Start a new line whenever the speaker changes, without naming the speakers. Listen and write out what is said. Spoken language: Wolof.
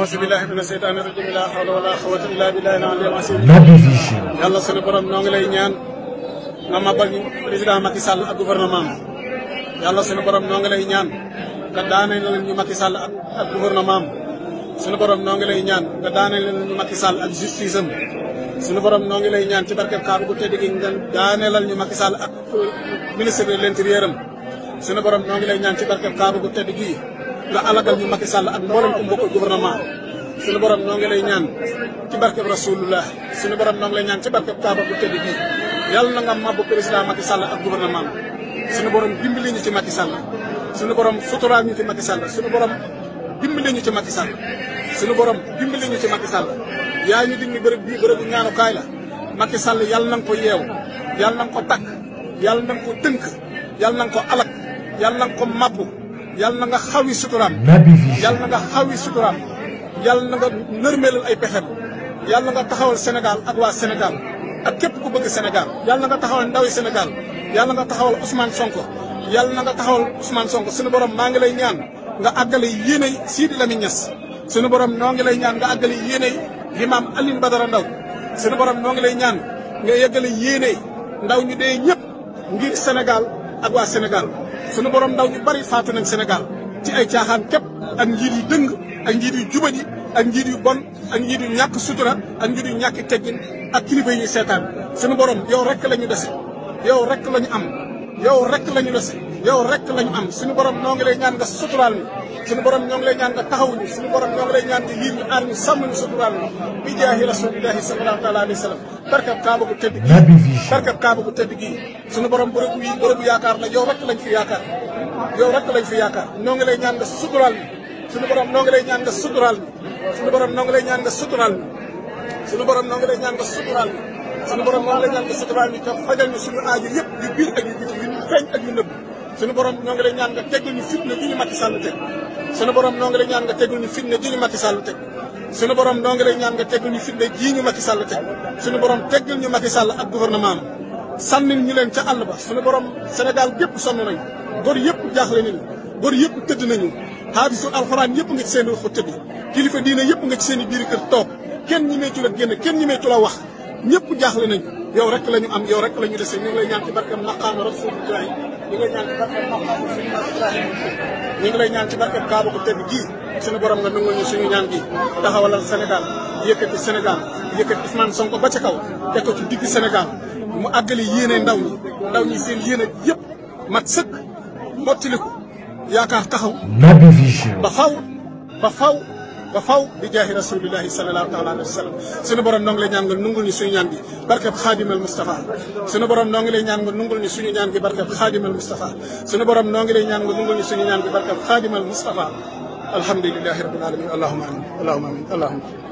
auzu billahi mina seytaani rajim laa hawla wala quwwata illa billahi al-aliyyil azim Naby Vision yàlla sunu borom noo ngi lay ñaan nga mabal ñu président Macky Sall ak gouvernement am yàlla sunu borom noo ngi lay ñaan nga daaneel leen ñu Macky Sall ak ak gouvernement am sunu borom noo ngi lay ñaan nga daaneel leen ñu Macky Sall ak justice am sunu borom noo ngi lay ñaan ci barkeb kaaru gu tedd gi nga daaneelal ñu Macky Sall ak ministre de l'intérieur am sunu borom noo ngi lay ñaan ci barkeb kaaru gu tedd gi nga alagal kan ñu Macky Sall ak mboolem ko mbokk gouvernement suñu borom noo ngi lay ñaan ci barke rasulullah suñu borom noo ngi lay ñaan ci barke kaaba bu tëdd bi yalla na nga mabbu président Macky Sall ak gouvernement suñu borom dimbali ñu ci Macky Sall suñu borom suturaal ñu ci Macky Sall suñu borom dimbali ñu ci Macky Sall suñu borom dimbali ñu ci Macky Sall yaa ñu dig ni bërëb bii ñaanu kay la Macky Sall yalla na nga ko yew yalla na nga ko tak yalla na nga ko teunk yalla na nga ko alak yalla na nga ko mabbu yàlla na nga xawi suturaam yàlla na nga xawi yàlla na nga ay pexem yàlla na nga taxawal Sénégal ak waa senegal ak képp ku bëgg Sénégal yàlla na nga taxawal ndawi Sénégal yàlla na nga taxawal Ousmane Sonko yàlla na nga taxawal Ousmane Sonko suñu borom maa ngi lay ñaan nga àggale yéene Sidi Lamine Niass sunu borom noo ngi lay ñaan nga àggale yéene Imam Alioune Badara ndaw suñu borom noo lay ñaan nga yëggale yéene ndaw ñu dee ñëpp ngir Sénégal ak waa Sénégal sunu borom ndaw ñu bari faatu nañ Sénégal ci ay caaxaan képp ak njiit yu dëng ak njiit yu jubadi ak njiit yu bon ak njiit yu ñàkk sutura ak njiit yu ñàkk teggin ak kilifa yi ñuy seetaan sunu borom yow rek la ñu dese yow rek la ñu am yow rek la ñu dese yow rek la am sunu borom noo ngi lay ñaan nga suturaal mi suñu borom ñoo lay ñaan nga taxaw ñu suñu borom ñoo lay ñaan nga yiir ñu ànd sutural bi jaahi rasulillahi sallallahu taala alayhi wa sallam barkab kaaba gi barkab kaaba gu tëdd gi suñu borom bërëb yi bërëbu yaakaar la yow rek lañ fi yaakaar yow rek lañ fi ñoo ngi lay ñaan nga sutural suñu borom ñoo ngi lay ñaan nga sutural suñu borom ñoo ngi lay ñaan nga sutural suñu borom ñoo ngi lay ñaan nga sutural suñu borom ñoo ngi lay ñaan nga sutural fajal suñu ak ak sunu borom ñoo ngi lay ñaan nga teggul ñu fitna ju ñu Macky Sall teg sunu borom ñoo ngi lay ñaan nga teggul ñu fitna ju ñu Macky Sall teg sunu borom ñoo ngi lay ñaan nga teggul ñu fitna jii ñu Macky Sall teg sunu borom teggul ñu Macky Sall ak gouvernement am sànnil ñu leen ca àll ba sunu borom gépp sonn nañu góor yëpp jaaxle nañu góor yëpp tëdd nañu xaadisu alxuraan yëpp nga ci seen i xott tëdd kilifa diine yëpp nga ci seeni i biir kër toog kenn ñi mee ci la génn kenn ñi mee wax ñëpp jaaxle nañu yow rek la ñu am yow rek la ñu dese ñu ngi lay ñaan ci barkeem maqaama Rasulullah ñu ngi lay ñaan ci barkeem maqaama ñu ngi lay ñaan ci barkeem kaaba ko tedd gii suñu nga nangu ñu suñu ñaan gi taxawalal Sénégal yëkkati Sénégal yëkkati Ousmane Sonko ba ca kaw teg ko ci digg Sénégal mu àggale yéene ndaw ñi ndaw ñi seen yéene yëpp mat sëkk mottiliku yaakaar taxaw ba faw ba faw ba faw bi jaahi rasulillahi sallallahu taala alayhi wa sallam suñu borom noo ngi lay ñaan nga nungul ñu suñu ñaan gi barkab xaadimal Mustafa suñu borom noo ngi lay ñaan nga nungul ñu suñu ñaan gi barkab xaadimal Mustafa suñu borom noo ngi lay ñaan nga nungul ñu suñu ñaan gi barkab xaadimal Mustafa alhamdulillahi rabbil alamin allahumma amin